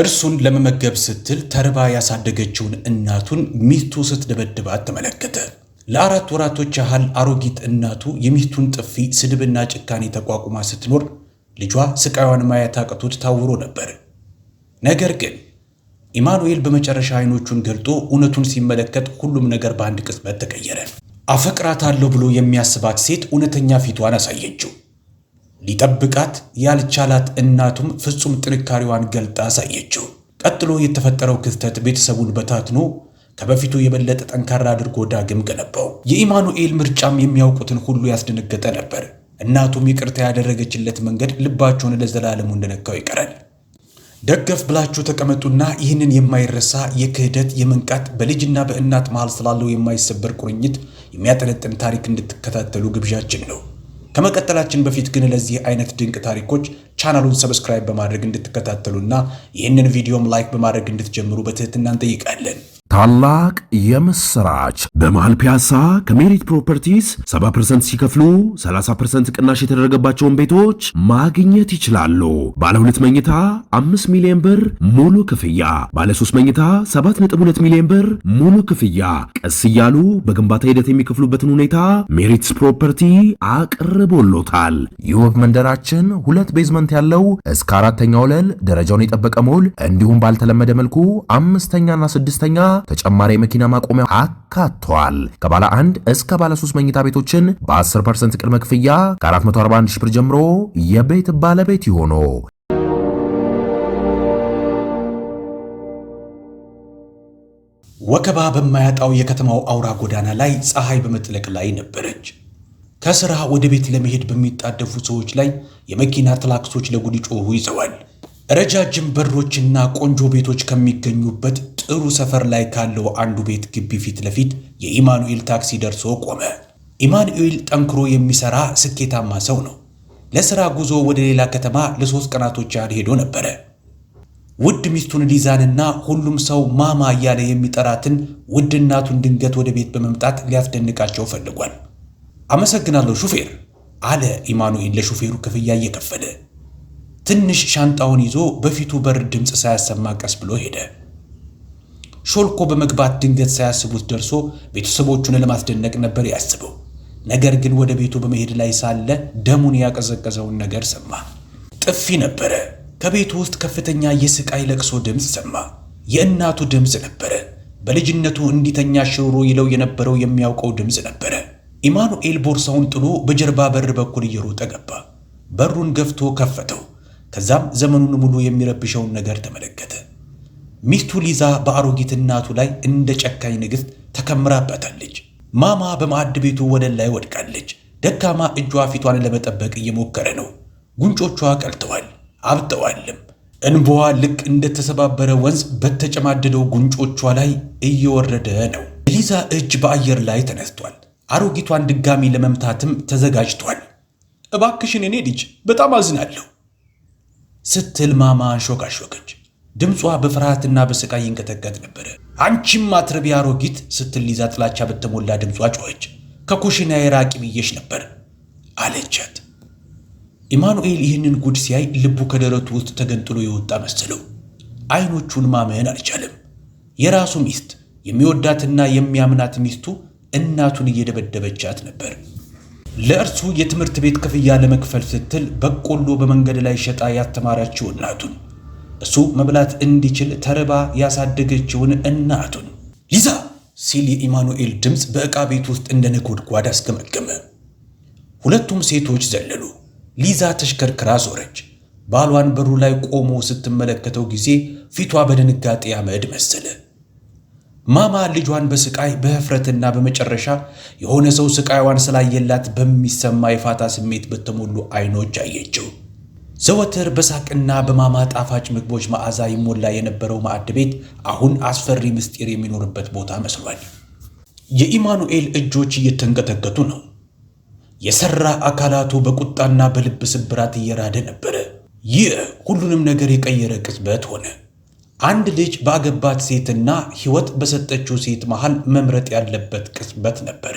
እርሱን ለመመገብ ስትል ተርባ ያሳደገችውን እናቱን ሚስቱ ስትደበድባት ተመለከተ። ለአራት ወራቶች ያህል አሮጊት እናቱ የሚስቱን ጥፊ፣ ስድብና ጭካኔ ተቋቁማ ስትኖር ልጇ ስቃዩን ማየት አቅቶት ታውሮ ነበር። ነገር ግን ኢማኑኤል በመጨረሻ አይኖቹን ገልጦ እውነቱን ሲመለከት ሁሉም ነገር በአንድ ቅጽበት ተቀየረ። አፈቅራታለሁ ብሎ የሚያስባት ሴት እውነተኛ ፊቷን አሳየችው። ሊጠብቃት ያልቻላት እናቱም ፍጹም ጥንካሬዋን ገልጣ አሳየችው። ቀጥሎ የተፈጠረው ክስተት ቤተሰቡን በታትኖ ከበፊቱ የበለጠ ጠንካራ አድርጎ ዳግም ገነባው። የኢማኑኤል ምርጫም የሚያውቁትን ሁሉ ያስደነገጠ ነበር። እናቱም ይቅርታ ያደረገችለት መንገድ ልባቸውን ለዘላለሙ እንደነካው ይቀራል። ደገፍ ብላችሁ ተቀመጡና ይህንን የማይረሳ የክህደት የመንቃት በልጅና በእናት መሃል ስላለው የማይሰበር ቁርኝት የሚያጠነጥን ታሪክ እንድትከታተሉ ግብዣችን ነው። ከመቀጠላችን በፊት ግን ለዚህ አይነት ድንቅ ታሪኮች ቻናሉን ሰብስክራይብ በማድረግ እንድትከታተሉና ይህንን ቪዲዮም ላይክ በማድረግ እንድትጀምሩ በትህትና እንጠይቃለን። ታላቅ የምስራች! በመሃል ፒያሳ ከሜሪት ፕሮፐርቲስ 70% ሲከፍሉ 30% ቅናሽ የተደረገባቸውን ቤቶች ማግኘት ይችላሉ። ባለ ሁለት መኝታ 5 ሚሊዮን ብር ሙሉ ክፍያ፣ ባለ 3 መኝታ 7.2 ሚሊዮን ብር ሙሉ ክፍያ። ቀስ እያሉ በግንባታ ሂደት የሚከፍሉበትን ሁኔታ ሜሪትስ ፕሮፐርቲ አቅርቦሎታል። የውብ መንደራችን ሁለት ቤዝመንት ያለው እስከ አራተኛ ወለል ደረጃውን የጠበቀ ሞል እንዲሁም ባልተለመደ መልኩ አምስተኛና ስድስተኛ ተጨማሪ የመኪና ማቆሚያ አካቷል። ከባለ አንድ እስከ ባለ ሶስት መኝታ ቤቶችን በ10% ቅድመ ክፍያ ከ441 ሺህ ብር ጀምሮ የቤት ባለቤት ይሆኑ። ወከባ በማያጣው የከተማው አውራ ጎዳና ላይ ፀሐይ በመጥለቅ ላይ ነበረች። ከስራ ወደ ቤት ለመሄድ በሚጣደፉ ሰዎች ላይ የመኪና ትላክሶች ለጉድ ይዘዋል። ረጃጅም በሮችና ቆንጆ ቤቶች ከሚገኙበት ጥሩ ሰፈር ላይ ካለው አንዱ ቤት ግቢ ፊት ለፊት የኢማኑኤል ታክሲ ደርሶ ቆመ። ኢማኑኤል ጠንክሮ የሚሰራ ስኬታማ ሰው ነው። ለስራ ጉዞ ወደ ሌላ ከተማ ለሶስት ቀናቶች ያህል ሄዶ ነበረ። ውድ ሚስቱን ሊዛንና ሁሉም ሰው ማማ እያለ የሚጠራትን ውድ እናቱን ድንገት ወደ ቤት በመምጣት ሊያስደንቃቸው ፈልጓል። አመሰግናለሁ ሹፌር አለ ኢማኑኤል ለሹፌሩ ክፍያ እየከፈለ ትንሽ ሻንጣውን ይዞ በፊቱ በር ድምፅ ሳያሰማ ቀስ ብሎ ሄደ። ሾልኮ በመግባት ድንገት ሳያስቡት ደርሶ ቤተሰቦቹን ለማስደነቅ ነበር ያስበው። ነገር ግን ወደ ቤቱ በመሄድ ላይ ሳለ ደሙን ያቀዘቀዘውን ነገር ሰማ። ጥፊ ነበረ። ከቤቱ ውስጥ ከፍተኛ የስቃይ ለቅሶ ድምፅ ሰማ። የእናቱ ድምፅ ነበረ። በልጅነቱ እንዲተኛ ሽሮ ይለው የነበረው የሚያውቀው ድምፅ ነበረ። ኢማኑኤል ቦርሳውን ጥሎ በጀርባ በር በኩል እየሮጠ ገባ። በሩን ገፍቶ ከፈተው። ከዛም ዘመኑን ሙሉ የሚረብሸውን ነገር ተመለከተ። ሚስቱ ሊዛ በአሮጊት እናቱ ላይ እንደ ጨካኝ ንግሥት ተከምራበታለች። ማማ በማዕድ ቤቱ ወለል ላይ ወድቃለች። ደካማ እጇ ፊቷን ለመጠበቅ እየሞከረ ነው። ጉንጮቿ ቀልተዋል፣ አብጠዋልም። እንባዋ ልክ እንደተሰባበረ ወንዝ በተጨማደደው ጉንጮቿ ላይ እየወረደ ነው። ሊዛ እጅ በአየር ላይ ተነስቷል። አሮጊቷን ድጋሚ ለመምታትም ተዘጋጅቷል። እባክሽን እኔ ልጅ በጣም አዝናለሁ ስትል ማማ አንሾካሾከች። ድምጿ በፍርሃትና በስቃይ ይንቀጠቀጥ ነበረ። አንቺም አትረቢ አሮጊት ስትል ሊዛ ጥላቻ በተሞላ ድምጿ ጮኸች። ከኩሽና የራቂ ብዬሽ ነበር አለቻት። ኢማኑኤል ይህንን ጉድ ሲያይ ልቡ ከደረቱ ውስጥ ተገንጥሎ የወጣ መሰለው። አይኖቹን ማመን አልቻለም። የራሱ ሚስት የሚወዳትና የሚያምናት ሚስቱ እናቱን እየደበደበቻት ነበር። ለእርሱ የትምህርት ቤት ክፍያ ለመክፈል ስትል በቆሎ በመንገድ ላይ ሸጣ ያስተማረችው እናቱን፣ እሱ መብላት እንዲችል ተርባ ያሳደገችውን እናቱን ሊዛ ሲል የኢማኑኤል ድምፅ በዕቃ ቤት ውስጥ እንደ ነጎድጓድ አስገመገመ። ሁለቱም ሴቶች ዘለሉ። ሊዛ ተሽከርክራ ዞረች። ባሏን በሩ ላይ ቆሞ ስትመለከተው ጊዜ ፊቷ በድንጋጤ አመድ መሰለ። ማማ ልጇን በስቃይ በህፍረትና በመጨረሻ የሆነ ሰው ስቃይዋን ስላየላት በሚሰማ የፋታ ስሜት በተሞሉ አይኖች አየችው። ዘወትር በሳቅና በማማ ጣፋጭ ምግቦች መዓዛ ይሞላ የነበረው ማዕድ ቤት አሁን አስፈሪ ምስጢር የሚኖርበት ቦታ መስሏል። የኢማኑኤል እጆች እየተንቀጠቀጡ ነው። የሰራ አካላቱ በቁጣና በልብ ስብራት እየራደ ነበረ። ይህ ሁሉንም ነገር የቀየረ ቅጽበት ሆነ። አንድ ልጅ ባገባት ሴትና ሕይወት በሰጠችው ሴት መሃል መምረጥ ያለበት ቅጽበት ነበረ።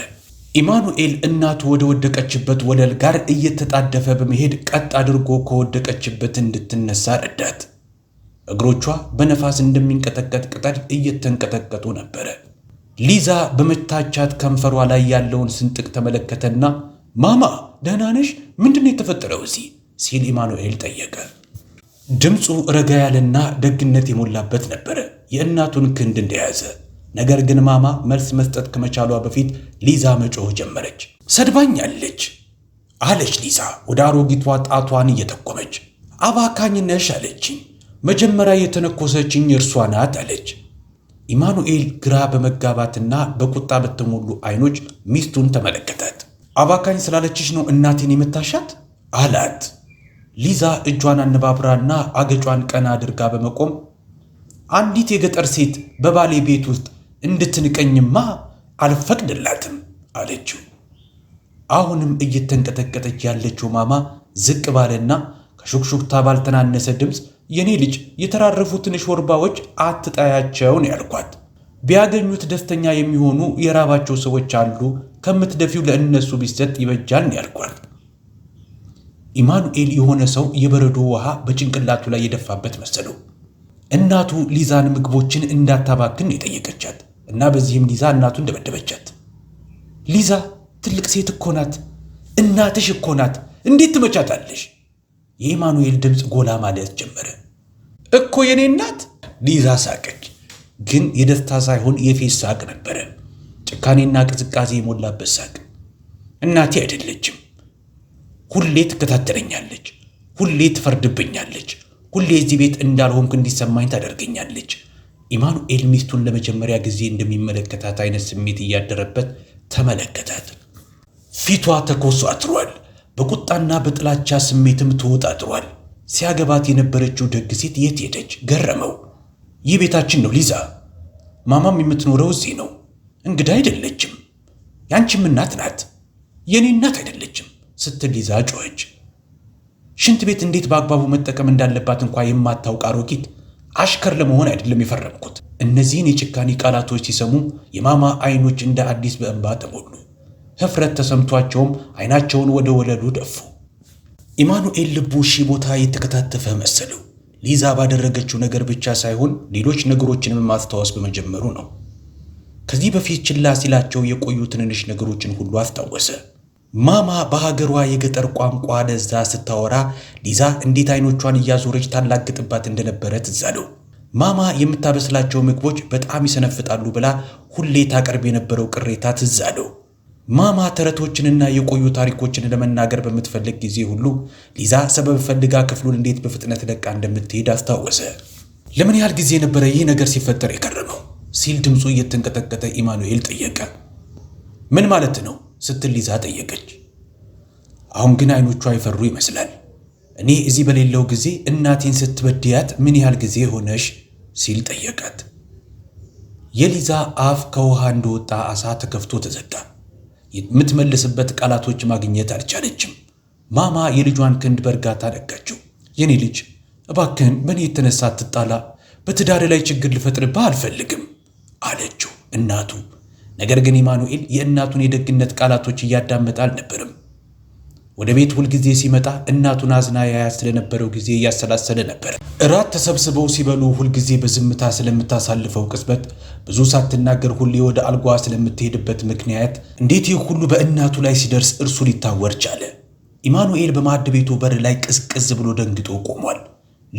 ኢማኑኤል እናቱ ወደ ወደቀችበት ወለል ጋር እየተጣደፈ በመሄድ ቀጥ አድርጎ ከወደቀችበት እንድትነሳ ረዳት። እግሮቿ በነፋስ እንደሚንቀጠቀጥ ቅጠል እየተንቀጠቀጡ ነበረ። ሊዛ በመታቻት ከንፈሯ ላይ ያለውን ስንጥቅ ተመለከተና ማማ ደህና ነሽ? ምንድን ነው የተፈጠረው እዚህ ሲል ኢማኑኤል ጠየቀ። ድምፁ ረጋ ያለና ደግነት የሞላበት ነበረ። የእናቱን ክንድ እንደያዘ ነገር ግን ማማ መልስ መስጠት ከመቻሏ በፊት ሊዛ መጮህ ጀመረች። ሰድባኛለች አለች ሊዛ ወደ አሮጊቷ ጣቷን እየጠቆመች። አባካኝነሽ አለችኝ። መጀመሪያ የተነኮሰችኝ እርሷ ናት አለች። ኢማኑኤል ግራ በመጋባትና በቁጣ በተሞሉ አይኖች ሚስቱን ተመለከታት። አባካኝ ስላለችሽ ነው እናቴን የምታሻት አላት። ሊዛ እጇን አነባብራና አገጯን ቀና አድርጋ በመቆም አንዲት የገጠር ሴት በባሌ ቤት ውስጥ እንድትንቀኝማ አልፈቅድላትም አለችው። አሁንም እየተንቀጠቀጠች ያለችው ማማ ዝቅ ባለና ከሹክሹክታ ባልተናነሰ ድምፅ የኔ ልጅ የተራረፉትን ሾርባዎች አትጣያቸው ነው ያልኳት። ቢያገኙት ደስተኛ የሚሆኑ የራባቸው ሰዎች አሉ። ከምትደፊው ለእነሱ ቢሰጥ ይበጃል ነው ያልኳት። ኢማኑኤል የሆነ ሰው የበረዶ ውሃ በጭንቅላቱ ላይ የደፋበት መሰለው። እናቱ ሊዛን ምግቦችን እንዳታባክን የጠየቀቻት እና በዚህም ሊዛ እናቱን ደበደበቻት። ሊዛ ትልቅ ሴት እኮ ናት፣ እናትሽ እኮ ናት፣ እንዴት ትመቻታለሽ? የኢማኑኤል ድምፅ ጎላ ማለት ጀመረ። እኮ የኔ እናት። ሊዛ ሳቀች፣ ግን የደስታ ሳይሆን የፌስ ሳቅ ነበረ። ጭካኔና ቅዝቃዜ የሞላበት ሳቅ። እናቴ አይደለችም ሁሌ ትከታተለኛለች፣ ሁሌ ትፈርድብኛለች፣ ሁሌ እዚህ ቤት እንዳልሆንክ እንዲሰማኝ ታደርገኛለች። ኢማኑኤል ሚስቱን ለመጀመሪያ ጊዜ እንደሚመለከታት አይነት ስሜት እያደረበት ተመለከታት። ፊቷ ተኮሳትሯል። በቁጣና በጥላቻ ስሜትም ተወጣጥሯል። ሲያገባት የነበረችው ደግ ሴት የት ሄደች? ገረመው። ይህ ቤታችን ነው ሊዛ። ማማም የምትኖረው እዚህ ነው። እንግዳ አይደለችም። ያንቺም እናት ናት። የእኔ እናት አይደለችም። ስትል ይዛ ጮኸች። ሽንት ቤት እንዴት በአግባቡ መጠቀም እንዳለባት እንኳ የማታውቅ አሮጊት አሽከር ለመሆን አይደለም የፈረምኩት። እነዚህን የጭካኔ ቃላቶች ሲሰሙ የማማ አይኖች እንደ አዲስ በእንባ ተሞሉ። ህፍረት ተሰምቷቸውም አይናቸውን ወደ ወለሉ ደፉ። ኢማኑኤል ልቡ ሺ ቦታ የተከታተፈ መሰለው። ሊዛ ባደረገችው ነገር ብቻ ሳይሆን ሌሎች ነገሮችንም ማስታወስ በመጀመሩ ነው። ከዚህ በፊት ችላ ሲላቸው የቆዩ ትንንሽ ነገሮችን ሁሉ አስታወሰ። ማማ በሀገሯ የገጠር ቋንቋ ለዛ ስታወራ ሊዛ እንዴት አይኖቿን እያዞረች ታላግጥባት እንደነበረ ትዝ አለው። ማማ የምታበስላቸው ምግቦች በጣም ይሰነፍጣሉ ብላ ሁሌ ታቀርብ የነበረው ቅሬታ ትዝ አለው። ማማ ተረቶችንና የቆዩ ታሪኮችን ለመናገር በምትፈልግ ጊዜ ሁሉ ሊዛ ሰበብ ፈልጋ ክፍሉን እንዴት በፍጥነት ለቃ እንደምትሄድ አስታወሰ። ለምን ያህል ጊዜ ነበረ ይህ ነገር ሲፈጠር የከረመው ሲል ድምፁ እየተንቀጠቀጠ ኢማኑኤል ጠየቀ። ምን ማለት ነው ስትል ሊዛ ጠየቀች። አሁን ግን አይኖቿ አይፈሩ ይመስላል። እኔ እዚህ በሌለው ጊዜ እናቴን ስትበድያት ምን ያህል ጊዜ ሆነሽ ሲል ጠየቃት። የሊዛ አፍ ከውሃ እንደወጣ አሳ ተከፍቶ ተዘጋ። የምትመልስበት ቃላቶች ማግኘት አልቻለችም። ማማ የልጇን ክንድ በእርጋታ ነካችው። የኔ ልጅ እባክህን በእኔ የተነሳ ትጣላ በትዳር ላይ ችግር ልፈጥርብህ አልፈልግም አለችው እናቱ ነገር ግን ኢማኑኤል የእናቱን የደግነት ቃላቶች እያዳመጠ አልነበርም። ወደ ቤት ሁልጊዜ ሲመጣ እናቱን አዝና ያያት ስለነበረው ጊዜ እያሰላሰለ ነበር። እራት ተሰብስበው ሲበሉ ሁልጊዜ በዝምታ ስለምታሳልፈው ቅጽበት፣ ብዙ ሳትናገር ሁሌ ወደ አልጓ ስለምትሄድበት ምክንያት፣ እንዴት ይህ ሁሉ በእናቱ ላይ ሲደርስ እርሱ ሊታወር ቻለ? ኢማኑኤል በማዕድ ቤቱ በር ላይ ቅዝቅዝ ብሎ ደንግጦ ቆሟል።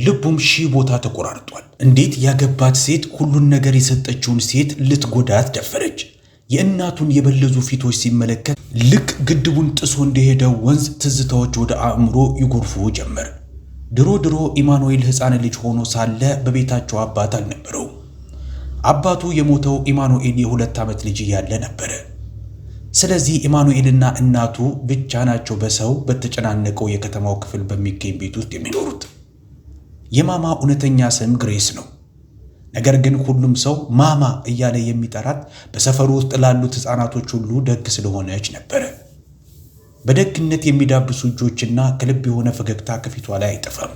ልቡም ሺህ ቦታ ተቆራርጧል። እንዴት ያገባት ሴት ሁሉን ነገር የሰጠችውን ሴት ልትጎዳት ደፈረች? የእናቱን የበለዙ ፊቶች ሲመለከት ልክ ግድቡን ጥሶ እንደሄደው ወንዝ ትዝታዎች ወደ አእምሮ ይጎርፉ ጀመር። ድሮ ድሮ ኢማኑኤል ሕፃን ልጅ ሆኖ ሳለ በቤታቸው አባት አልነበረው። አባቱ የሞተው ኢማኑኤል የሁለት ዓመት ልጅ እያለ ነበረ። ስለዚህ ኢማኑኤልና እናቱ ብቻ ናቸው በሰው በተጨናነቀው የከተማው ክፍል በሚገኝ ቤት ውስጥ የሚኖሩት። የማማ እውነተኛ ስም ግሬስ ነው። ነገር ግን ሁሉም ሰው ማማ እያለ የሚጠራት በሰፈሩ ውስጥ ላሉት ሕፃናቶች ሁሉ ደግ ስለሆነች ነበረ። በደግነት የሚዳብሱ እጆችና ከልብ የሆነ ፈገግታ ከፊቷ ላይ አይጠፋም።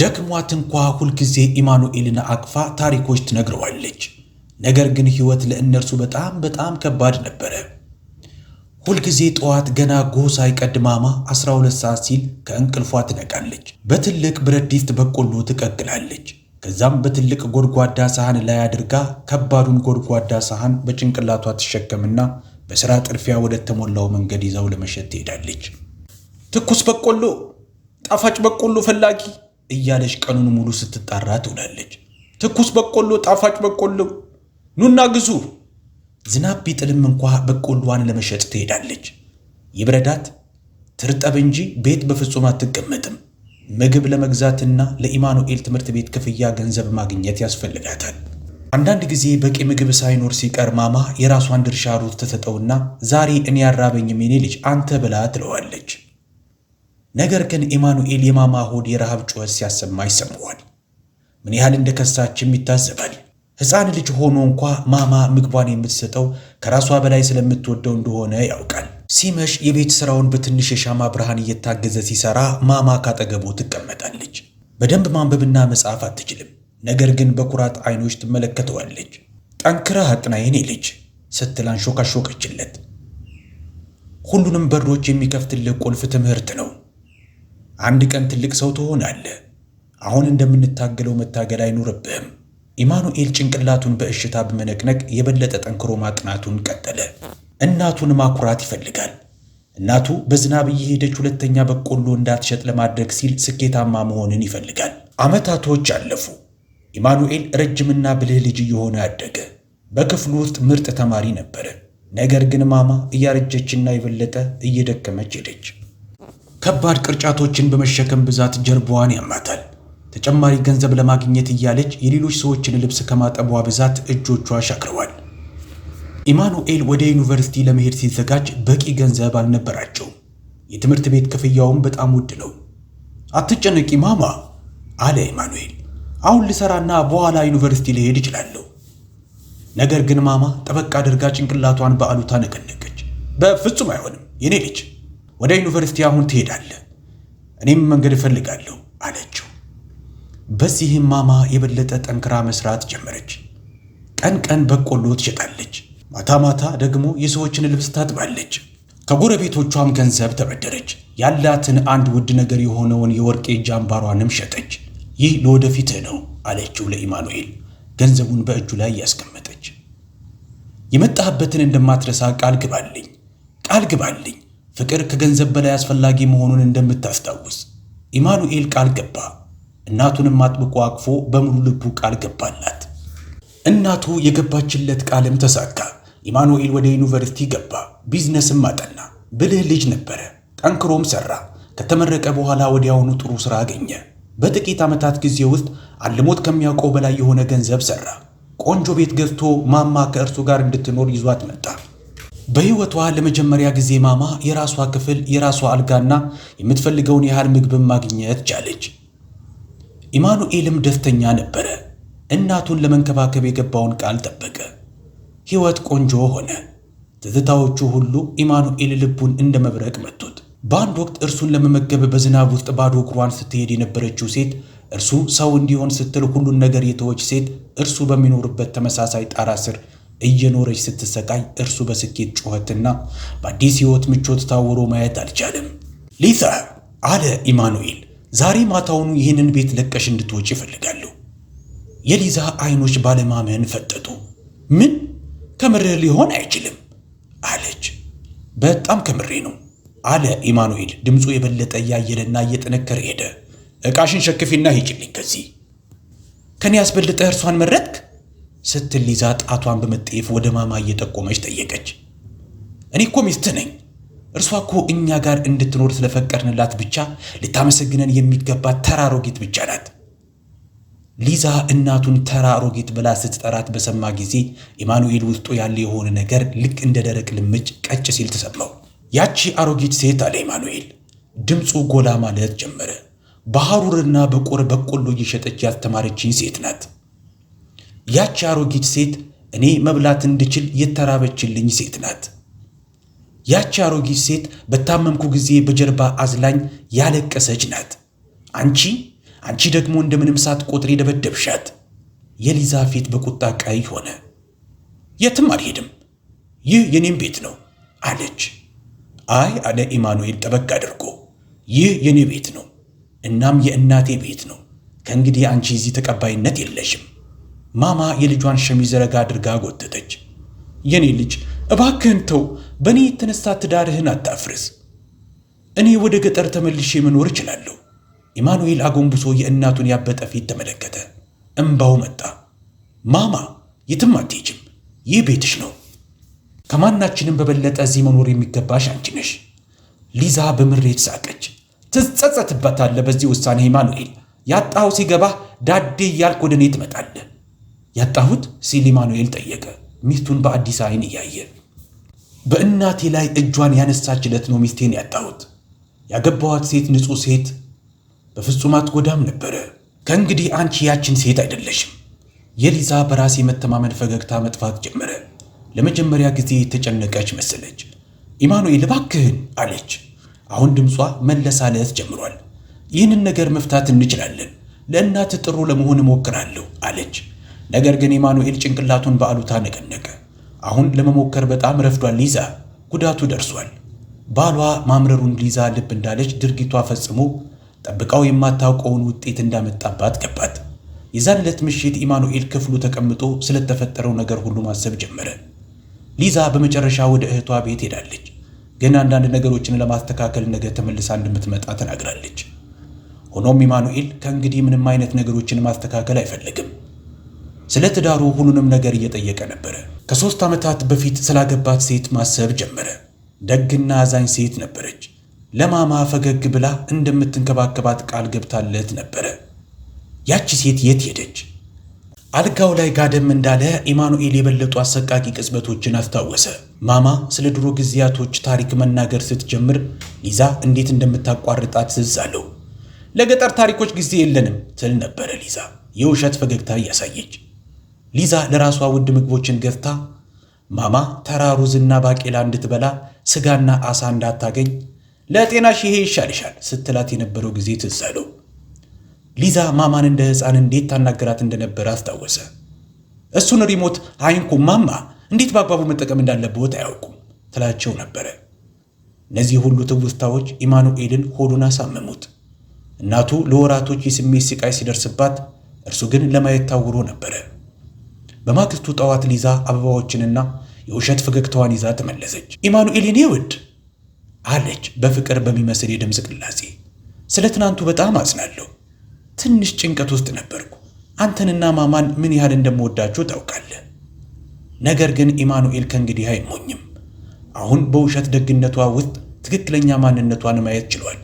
ደክሟት እንኳ ሁልጊዜ ኢማኑኤልን አቅፋ ታሪኮች ትነግረዋለች። ነገር ግን ሕይወት ለእነርሱ በጣም በጣም ከባድ ነበረ። ሁልጊዜ ጠዋት ገና ጎህ ሳይቀድ ማማ 12 ሰዓት ሲል ከእንቅልፏ ትነቃለች። በትልቅ ብረት ድስት በቆሎ ትቀቅላለች። ከዛም በትልቅ ጎድጓዳ ሳህን ላይ አድርጋ ከባዱን ጎድጓዳ ሳህን በጭንቅላቷ ትሸከምና በሥራ ጥርፊያ ወደ ተሞላው መንገድ ይዛው ለመሸጥ ትሄዳለች። ትኩስ በቆሎ፣ ጣፋጭ በቆሎ ፈላጊ እያለች ቀኑን ሙሉ ስትጣራ ትውላለች። ትኩስ በቆሎ፣ ጣፋጭ በቆሎ ኑና ግዙ። ዝናብ ቢጥልም እንኳ በቆሎዋን ለመሸጥ ትሄዳለች። ይብረዳት ትርጠብ እንጂ ቤት በፍጹም አትቀመጥም። ምግብ ለመግዛትና ለኢማኑኤል ትምህርት ቤት ክፍያ ገንዘብ ማግኘት ያስፈልጋታል። አንዳንድ ጊዜ በቂ ምግብ ሳይኖር ሲቀር ማማ የራሷን ድርሻ ሩት ተሰጠውና ዛሬ እኔ ያራበኝም የኔ ልጅ አንተ ብላ ትለዋለች። ነገር ግን ኢማኑኤል የማማ ሆድ የረሃብ ጩኸት ሲያሰማ ይሰማዋል። ምን ያህል ከሳችም ይታዘባል። ሕፃን ልጅ ሆኖ እንኳ ማማ ምግቧን የምትሰጠው ከራሷ በላይ ስለምትወደው እንደሆነ ያውቃል። ሲመሽ የቤት ስራውን በትንሽ የሻማ ብርሃን እየታገዘ ሲሰራ ማማ ካጠገቡ ትቀመጣለች። በደንብ ማንበብና መጻፍ አትችልም፣ ነገር ግን በኩራት አይኖች ትመለከተዋለች። ጠንክራ አጥና የኔ ልጅ ስትል ሾካሾቀችለት። ሁሉንም በሮች የሚከፍትልህ ቁልፍ ትምህርት ነው። አንድ ቀን ትልቅ ሰው ትሆናለህ። አሁን እንደምንታገለው መታገል አይኖርብህም። ኢማኑኤል ጭንቅላቱን በእሽታ በመነቅነቅ የበለጠ ጠንክሮ ማጥናቱን ቀጠለ። እናቱን ማኩራት ይፈልጋል። እናቱ በዝናብ እየሄደች ሁለተኛ በቆሎ እንዳትሸጥ ለማድረግ ሲል ስኬታማ መሆንን ይፈልጋል። ዓመታቶች አለፉ። ኢማኑኤል ረጅምና ብልህ ልጅ እየሆነ አደገ። በክፍሉ ውስጥ ምርጥ ተማሪ ነበረ። ነገር ግን ማማ እያረጀችና የበለጠ እየደከመች ሄደች። ከባድ ቅርጫቶችን በመሸከም ብዛት ጀርባዋን ያማታል። ተጨማሪ ገንዘብ ለማግኘት እያለች የሌሎች ሰዎችን ልብስ ከማጠቧ ብዛት እጆቿ ሻክረዋል። ኢማኑኤል ወደ ዩኒቨርሲቲ ለመሄድ ሲዘጋጅ በቂ ገንዘብ አልነበራቸው። የትምህርት ቤት ክፍያውም በጣም ውድ ነው። አትጨነቂ ማማ አለ ኢማኑኤል። አሁን ልሰራና በኋላ ዩኒቨርሲቲ ልሄድ እችላለሁ። ነገር ግን ማማ ጠበቅ አድርጋ ጭንቅላቷን በአሉታ ነቀነቀች። በፍጹም አይሆንም የኔ ልጅ፣ ወደ ዩኒቨርሲቲ አሁን ትሄዳለህ። እኔም መንገድ እፈልጋለሁ አለችው። በዚህም ማማ የበለጠ ጠንክራ መስራት ጀመረች። ቀን ቀን በቆሎ ትሸጣለች። ማታ ማታ ደግሞ የሰዎችን ልብስ ታጥባለች። ከጎረቤቶቿም ገንዘብ ተበደረች። ያላትን አንድ ውድ ነገር የሆነውን የወርቅ የእጅ አምባሯንም ሸጠች። ይህ ለወደፊትህ ነው አለችው ለኢማኑኤል ገንዘቡን በእጁ ላይ ያስቀመጠች። የመጣህበትን እንደማትረሳ ቃል ግባልኝ፣ ቃል ግባልኝ ፍቅር ከገንዘብ በላይ አስፈላጊ መሆኑን እንደምታስታውስ። ኢማኑኤል ቃል ገባ። እናቱንም አጥብቆ አቅፎ በሙሉ ልቡ ቃል ገባላት። እናቱ የገባችለት ቃልም ተሳካ። ኢማኑኤል ወደ ዩኒቨርሲቲ ገባ፣ ቢዝነስም አጠና። ብልህ ልጅ ነበረ፣ ጠንክሮም ሰራ ከተመረቀ በኋላ ወዲያውኑ ጥሩ ሥራ አገኘ። በጥቂት ዓመታት ጊዜ ውስጥ አልሞት ከሚያውቀው በላይ የሆነ ገንዘብ ሠራ። ቆንጆ ቤት ገዝቶ ማማ ከእርሱ ጋር እንድትኖር ይዟት መጣ። በሕይወቷ ለመጀመሪያ ጊዜ ማማ የራሷ ክፍል፣ የራሷ አልጋና የምትፈልገውን ያህል ምግብን ማግኘት ቻለች። ኢማኑኤልም ደስተኛ ነበረ። እናቱን ለመንከባከብ የገባውን ቃል ጠበቀ። ሕይወት ቆንጆ ሆነ። ትዝታዎቹ ሁሉ ኢማኑኤል ልቡን እንደ መብረቅ መቱት። በአንድ ወቅት እርሱን ለመመገብ በዝናብ ውስጥ ባዶ እግሯን ስትሄድ የነበረችው ሴት እርሱ ሰው እንዲሆን ስትል ሁሉን ነገር የተወች ሴት እርሱ በሚኖርበት ተመሳሳይ ጣራ ስር እየኖረች ስትሰቃይ እርሱ በስኬት ጩኸትና በአዲስ ሕይወት ምቾት ታውሮ ማየት አልቻለም። ሊዛ አለ ኢማኑኤል፣ ዛሬ ማታውኑ ይህንን ቤት ለቀሽ እንድትወጪ ይፈልጋሉ። የሊዛ አይኖች ባለማመን ፈጠጡ። ምን ከምርህ ሊሆን አይችልም አለች። በጣም ከምሬ ነው አለ ኢማኑኤል። ድምፁ የበለጠ እያየለና እየጠነከረ ሄደ። ዕቃሽን ሸክፊና ሂጭልኝ ከዚህ ከኔ ያስበልጠ እርሷን መረጥክ ስትል ሊዛ ጣቷን በመጠየፍ ወደ ማማ እየጠቆመች ጠየቀች። እኔ እኮ ሚስት ነኝ። እርሷ እኮ እኛ ጋር እንድትኖር ስለፈቀድንላት ብቻ ልታመሰግነን የሚገባት ተራሮጊት ብቻ ናት። ሊዛ እናቱን ተራ አሮጊት ብላ ስትጠራት በሰማ ጊዜ ኢማኑኤል ውስጡ ያለ የሆነ ነገር ልክ እንደ ደረቅ ልምጭ ቀጭ ሲል ተሰማው። ያቺ አሮጊት ሴት አለ ኢማኑኤል። ድምፁ ጎላ ማለት ጀመረ። በሐሩርና በቁር በቆሎ እየሸጠች ያስተማረችኝ ሴት ናት። ያቺ አሮጊት ሴት እኔ መብላት እንድችል የተራበችልኝ ሴት ናት። ያቺ አሮጊት ሴት በታመምኩ ጊዜ በጀርባ አዝላኝ ያለቀሰች ናት። አንቺ አንቺ ደግሞ እንደምንም ሳትቆጥሪ ደበደብሻት። የሊዛ ፊት በቁጣ ቀይ ሆነ። የትም አልሄድም፣ ይህ የኔም ቤት ነው አለች። አይ አለ ኢማኑኤል ጠበቅ አድርጎ፣ ይህ የኔ ቤት ነው፣ እናም የእናቴ ቤት ነው። ከእንግዲህ አንቺ እዚህ ተቀባይነት የለሽም። ማማ የልጇን ሸሚዝ ረጋ አድርጋ ጎተተች። የኔ ልጅ እባክህን ተው፣ በእኔ የተነሳ ትዳርህን አታፍርስ። እኔ ወደ ገጠር ተመልሼ መኖር እችላለሁ ኢማኑኤል አጎንብሶ የእናቱን ያበጠ ፊት ተመለከተ። እምባው መጣ። ማማ፣ የትም አትሄጂም። ይህ ቤትሽ ነው። ከማናችንም በበለጠ እዚህ መኖር የሚገባሽ አንቺ ነሽ። ሊዛ በምሬት ሳቀች። ትጸጸትበታለህ በዚህ ውሳኔ ኢማኑኤል። ያጣሁ ሲገባህ ዳዴ እያልክ ወደ እኔ ትመጣለህ። ያጣሁት ሲል ኢማኑኤል ጠየቀ፣ ሚስቱን በአዲስ አይን እያየ። በእናቴ ላይ እጇን ያነሳችለት ነው ሚስቴን ያጣሁት። ያገባኋት ሴት ንጹሕ ሴት በፍጹም አትጎዳም ነበረ። ከእንግዲህ አንቺ ያችን ሴት አይደለሽም። የሊዛ በራስ የመተማመን ፈገግታ መጥፋት ጀመረ። ለመጀመሪያ ጊዜ የተጨነቀች መሰለች። ኢማኑኤል እባክህን አለች። አሁን ድምጿ መለሳለስ ጀምሯል። ይህንን ነገር መፍታት እንችላለን። ለእናት ጥሩ ለመሆን እሞክራለሁ አለች። ነገር ግን ኢማኑኤል ጭንቅላቱን በአሉታ ነቀነቀ። አሁን ለመሞከር በጣም ረፍዷል። ሊዛ ጉዳቱ ደርሷል። ባሏ ማምረሩን ሊዛ ልብ እንዳለች ድርጊቷ ፈጽሞ ጠብቃው የማታውቀውን ውጤት እንዳመጣባት ገባት። የዛን ዕለት ምሽት ኢማኑኤል ክፍሉ ተቀምጦ ስለተፈጠረው ነገር ሁሉ ማሰብ ጀመረ። ሊዛ በመጨረሻ ወደ እህቷ ቤት ሄዳለች፣ ግን አንዳንድ ነገሮችን ለማስተካከል ነገ ተመልሳ እንደምትመጣ ተናግራለች። ሆኖም ኢማኑኤል ከእንግዲህ ምንም አይነት ነገሮችን ማስተካከል አይፈልግም። ስለ ትዳሩ ሁሉንም ነገር እየጠየቀ ነበረ። ከሦስት ዓመታት በፊት ስላገባት ሴት ማሰብ ጀመረ። ደግና አዛኝ ሴት ነበረች። ለማማ ፈገግ ብላ እንደምትንከባከባት ቃል ገብታለት ነበረ። ያቺ ሴት የት ሄደች? አልጋው ላይ ጋደም እንዳለ ኢማኑኤል የበለጡ አሰቃቂ ቅጽበቶችን አስታወሰ። ማማ ስለ ድሮ ጊዜያቶች ታሪክ መናገር ስትጀምር ሊዛ እንዴት እንደምታቋርጣት ትዝ አለው። ለገጠር ታሪኮች ጊዜ የለንም ትል ነበረ ሊዛ የውሸት ፈገግታ እያሳየች። ሊዛ ለራሷ ውድ ምግቦችን ገፍታ ማማ ተራ ሩዝና ባቄላ እንድትበላ ስጋና አሳ እንዳታገኝ ለጤናሽ ይሄ ይሻልሻል ስትላት የነበረው ጊዜ ትዝ አለው። ሊዛ ማማን እንደ ሕፃን እንዴት ታናገራት እንደነበረ አስታወሰ። እሱን ሪሞት አይንኩ ማማ እንዴት በአግባቡ መጠቀም እንዳለበት አያውቁም ትላቸው ነበረ። እነዚህ ሁሉ ትውስታዎች ኢማኑኤልን ሆዱን አሳመሙት። እናቱ ለወራቶች የስሜት ስቃይ ሲደርስባት፣ እርሱ ግን ለማየት ታውሮ ነበረ። በማግስቱ ጠዋት ሊዛ አበባዎችንና የውሸት ፈገግታዋን ይዛ ተመለሰች። ኢማኑኤልን ውድ አለች በፍቅር በሚመስል የድምፅ ቅላጼ። ስለ ትናንቱ በጣም አዝናለሁ። ትንሽ ጭንቀት ውስጥ ነበርኩ። አንተንና ማማን ምን ያህል እንደምወዳችሁ ታውቃለህ። ነገር ግን ኢማኑኤል ከእንግዲህ አይሞኝም። አሁን በውሸት ደግነቷ ውስጥ ትክክለኛ ማንነቷን ማየት ችሏል።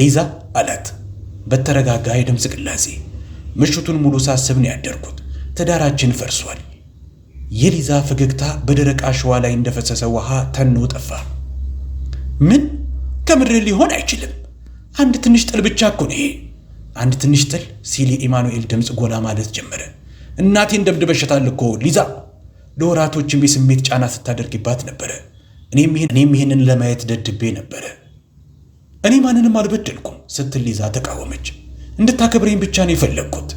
ሊዛ አላት በተረጋጋ የድምፅ ቅላጼ። ምሽቱን ሙሉ ሳስብ ነው ያደርኩት። ትዳራችን ፈርሷል። የሊዛ ፈገግታ በደረቅ አሸዋ ላይ እንደፈሰሰ ውሃ ተኖ ጠፋ። ምን ከምድር ሊሆን አይችልም። አንድ ትንሽ ጥል ብቻ እኮ ነው አንድ ትንሽ ጥል ሲል የኢማኑኤል ድምፅ ጎላ ማለት ጀመረ። እናቴን ደብድበሸታል እኮ ሊዛ። ለወራቶችም የስሜት ጫና ስታደርግባት ነበረ። እኔም ይህንን ለማየት ደድቤ ነበረ። እኔ ማንንም አልበደልኩም ስትል ሊዛ ተቃወመች። እንድታከብረኝ ብቻ ነው የፈለግኩት።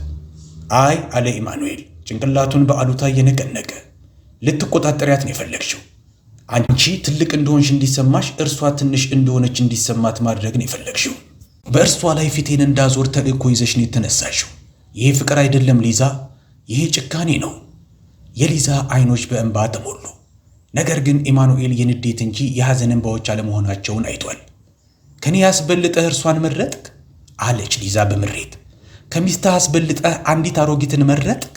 አይ አለ ኢማኑኤል ጭንቅላቱን በአሉታ እየነቀነቀ። ልትቆጣጠሪያት ነው የፈለግሽው አንቺ ትልቅ እንደሆንሽ እንዲሰማሽ፣ እርሷ ትንሽ እንደሆነች እንዲሰማት ማድረግ ነው የፈለግሽው። በእርሷ ላይ ፊቴን እንዳዞር ተልእኮ ይዘሽ ነው የተነሳሽው። ይሄ ፍቅር አይደለም ሊዛ፣ ይሄ ጭካኔ ነው። የሊዛ አይኖች በእንባ ተሞሉ። ነገር ግን ኢማኑኤል የንዴት እንጂ የሐዘን እንባዎች አለመሆናቸውን አይቷል። ከኔ ያስበልጠህ እርሷን መረጥክ? አለች ሊዛ በምሬት። ከሚስትህ አስበልጠህ አንዲት አሮጊትን መረጥክ?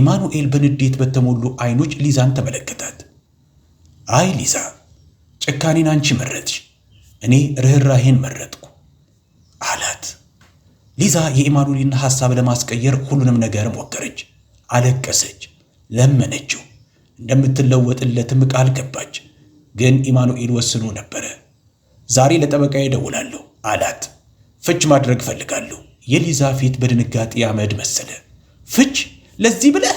ኢማኑኤል በንዴት በተሞሉ አይኖች ሊዛን ተመለከታት። አይ ሊዛ፣ ጭካኔን አንቺ መረጥሽ፣ እኔ ርኅራሄን መረጥኩ አላት። ሊዛ የኢማኑኤልን ሐሳብ ለማስቀየር ሁሉንም ነገር ሞከረች። አለቀሰች፣ ለመነችው፣ እንደምትለወጥለትም ቃል ገባች። ግን ኢማኑኤል ወስኖ ነበረ። ዛሬ ለጠበቃ እደውላለሁ አላት። ፍች ማድረግ እፈልጋለሁ። የሊዛ ፊት በድንጋጤ አመድ መሰለ። ፍች? ለዚህ ብለህ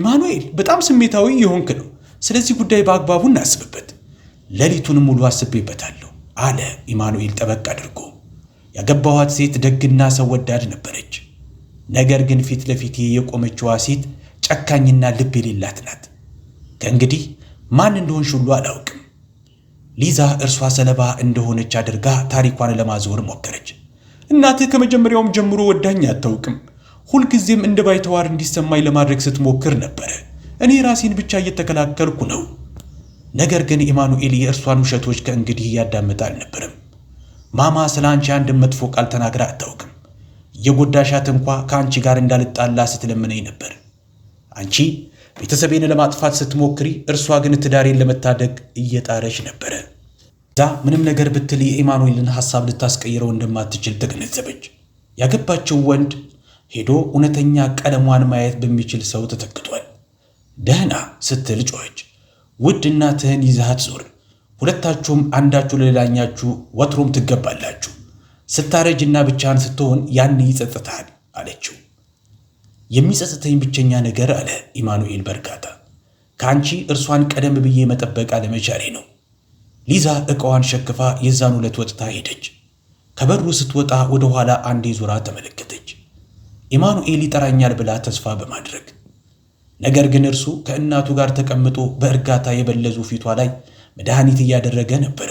ኢማኑኤል፣ በጣም ስሜታዊ የሆንክ ነው ስለዚህ ጉዳይ በአግባቡ እናስብበት። ሌሊቱንም ሙሉ አስቤበታለሁ አለ ኢማኑኤል ጠበቅ አድርጎ። ያገባኋት ሴት ደግና ሰው ወዳድ ነበረች። ነገር ግን ፊት ለፊቴ የቆመችዋ ሴት ጨካኝና ልብ የሌላት ናት። ከእንግዲህ ማን እንደሆንሽ ሁሉ አላውቅም። ሊዛ እርሷ ሰለባ እንደሆነች አድርጋ ታሪኳን ለማዞር ሞከረች። እናትህ ከመጀመሪያውም ጀምሮ ወዳኝ አታውቅም። ሁልጊዜም እንደ ባይተዋር እንዲሰማኝ ለማድረግ ስትሞክር ነበረ እኔ ራሴን ብቻ እየተከላከልኩ ነው። ነገር ግን ኢማኑኤል የእርሷን ውሸቶች ከእንግዲህ እያዳመጠ አልነበረም። ማማ ስለ አንቺ አንድ መጥፎ ቃል ተናግራ አታውቅም። የጎዳሻት እንኳ ከአንቺ ጋር እንዳልጣላ ስትለምነኝ ነበር። አንቺ ቤተሰቤን ለማጥፋት ስትሞክሪ፣ እርሷ ግን ትዳሬን ለመታደግ እየጣረች ነበረ። እዛ ምንም ነገር ብትል የኢማኑኤልን ሐሳብ ልታስቀይረው እንደማትችል ተገነዘበች። ያገባችው ወንድ ሄዶ እውነተኛ ቀለሟን ማየት በሚችል ሰው ተተክቷል። ደህና ስትል ጮኸች። ውድ እናትህን ይዛሃት ዞር። ሁለታችሁም አንዳችሁ ለሌላኛችሁ ወትሮም ትገባላችሁ። ስታረጅና ብቻህን ስትሆን ያን ይጸጥታል አለችው። የሚጸጽተኝ ብቸኛ ነገር አለ ኢማኑኤል በርካታ፣ ከአንቺ እርሷን ቀደም ብዬ መጠበቅ አለመቻሌ ነው። ሊዛ ዕቃዋን ሸክፋ የዛን ዕለት ወጥታ ሄደች። ከበሩ ስትወጣ ወደ ኋላ አንዴ ዙራ ተመለከተች። ኢማኑኤል ይጠራኛል ብላ ተስፋ በማድረግ ነገር ግን እርሱ ከእናቱ ጋር ተቀምጦ በእርጋታ የበለዙ ፊቷ ላይ መድኃኒት እያደረገ ነበረ።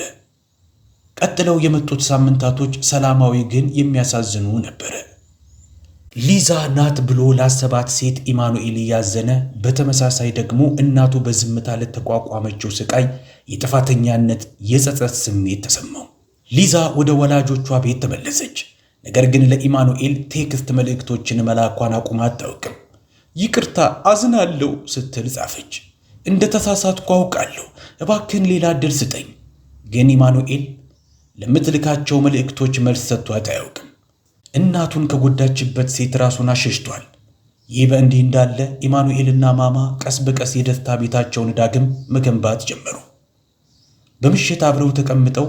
ቀጥለው የመጡት ሳምንታቶች ሰላማዊ ግን የሚያሳዝኑ ነበረ። ሊዛ ናት ብሎ ላሰባት ሴት ኢማኑኤል እያዘነ፣ በተመሳሳይ ደግሞ እናቱ በዝምታ ለተቋቋመችው ስቃይ የጥፋተኛነት የጸጸት ስሜት ተሰማው። ሊዛ ወደ ወላጆቿ ቤት ተመለሰች። ነገር ግን ለኢማኑኤል ቴክስት መልእክቶችን መላኳን አቁማ አታውቅም። ይቅርታ አዝናለሁ ስትል ጻፈች። እንደ ተሳሳትኩ አውቃለሁ፣ እባክህን ሌላ ዕድል ስጠኝ። ግን ኢማኑኤል ለምትልካቸው መልእክቶች መልስ ሰጥቷት አያውቅም። እናቱን ከጎዳችበት ሴት ራሱን አሸሽቷል። ይህ በእንዲህ እንዳለ ኢማኑኤልና ማማ ቀስ በቀስ የደስታ ቤታቸውን ዳግም መገንባት ጀመሩ። በምሽት አብረው ተቀምጠው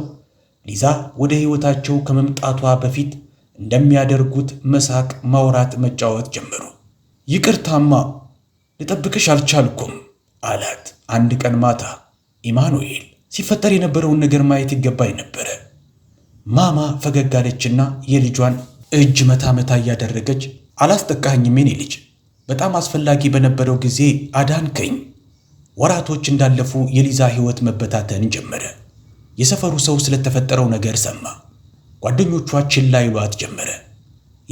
ሊዛ ወደ ሕይወታቸው ከመምጣቷ በፊት እንደሚያደርጉት መሳቅ፣ ማውራት፣ መጫወት ጀመሩ። ይቅርታማ ልጠብቅሽ አልቻልኩም አላት። አንድ ቀን ማታ ኢማኑኤል ሲፈጠር የነበረውን ነገር ማየት ይገባኝ ነበረ። ማማ ፈገግ አለችና የልጇን እጅ መታ መታ እያደረገች አላስጠቃኸኝም የኔ ልጅ፣ በጣም አስፈላጊ በነበረው ጊዜ አዳንከኝ። ወራቶች እንዳለፉ የሊዛ ሕይወት መበታተን ጀመረ። የሰፈሩ ሰው ስለተፈጠረው ነገር ሰማ። ጓደኞቿ ችላ ይሏት ጀመረ።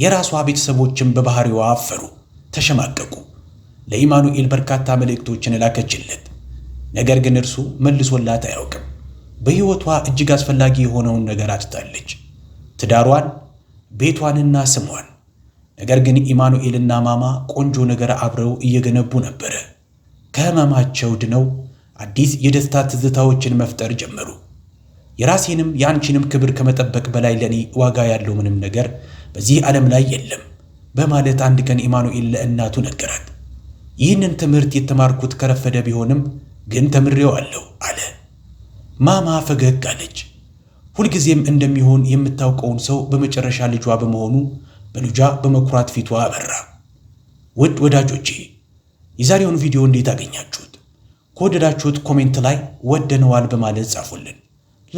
የራሷ ቤተሰቦችም በባህሪዋ አፈሩ። ተሸማቀቁ። ለኢማኑኤል በርካታ መልእክቶችን ላከችለት። ነገር ግን እርሱ መልሶላት አያውቅም። በሕይወቷ እጅግ አስፈላጊ የሆነውን ነገር አጥታለች፣ ትዳሯን፣ ቤቷንና ስሟን። ነገር ግን ኢማኑኤልና ማማ ቆንጆ ነገር አብረው እየገነቡ ነበረ። ከህመማቸው ድነው አዲስ የደስታ ትዝታዎችን መፍጠር ጀመሩ። የራሴንም የአንቺንም ክብር ከመጠበቅ በላይ ለእኔ ዋጋ ያለው ምንም ነገር በዚህ ዓለም ላይ የለም። በማለት አንድ ቀን ኢማኑኤል ለእናቱ ነገራት። ይህንን ትምህርት የተማርኩት ከረፈደ ቢሆንም ግን ተምሬዋለሁ አለ። ማማ ፈገግ አለች። ሁልጊዜም እንደሚሆን የምታውቀውን ሰው በመጨረሻ ልጇ በመሆኑ በልጇ በመኩራት ፊቷ አበራ። ውድ ወዳጆቼ የዛሬውን ቪዲዮ እንዴት አገኛችሁት? ከወደዳችሁት ኮሜንት ላይ ወደነዋል በማለት ጻፉልን፣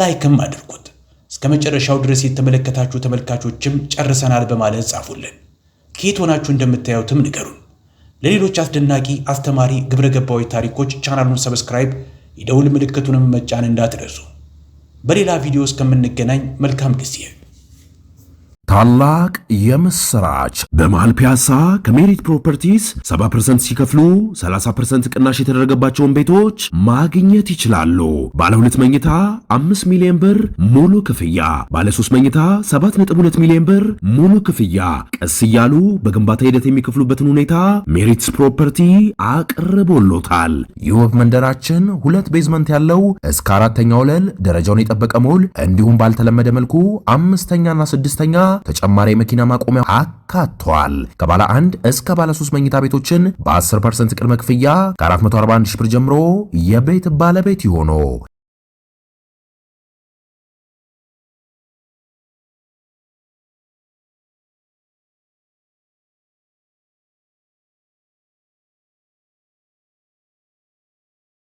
ላይክም አድርጉት። እስከ መጨረሻው ድረስ የተመለከታችሁ ተመልካቾችም ጨርሰናል በማለት ጻፉልን። ከየት ሆናችሁ እንደምታዩትም ንገሩን። ለሌሎች አስደናቂ አስተማሪ ግብረ ገባዊ ታሪኮች ቻናሉን ሰብስክራይብ፣ የደውል ምልክቱንም መጫን እንዳትረሱ። በሌላ ቪዲዮ እስከምንገናኝ መልካም ጊዜ ታላቅ የምስራች! በመሃል ፒያሳ ከሜሪት ፕሮፐርቲስ 7% ሲከፍሉ 30% ቅናሽ የተደረገባቸውን ቤቶች ማግኘት ይችላሉ። ባለ ሁለት መኝታ 5 ሚሊዮን ብር ሙሉ ክፍያ፣ ባለ 3 መኝታ 7.2 ሚሊዮን ብር ሙሉ ክፍያ። ቀስ እያሉ በግንባታ ሂደት የሚከፍሉበትን ሁኔታ ሜሪትስ ፕሮፐርቲ አቅርቦሎታል። የውብ መንደራችን ሁለት ቤዝመንት ያለው እስከ አራተኛ ወለል ደረጃውን የጠበቀ ሞል እንዲሁም ባልተለመደ መልኩ አምስተኛና ስድስተኛ ተጨማሪ የመኪና ማቆሚያ አካቷል። ከባለ አንድ እስከ ባለ ሶስት መኝታ ቤቶችን በ10 ፐርሰንት ቅድመ ክፍያ ከ441 ሺህ ብር ጀምሮ የቤት ባለቤት ይሆኖ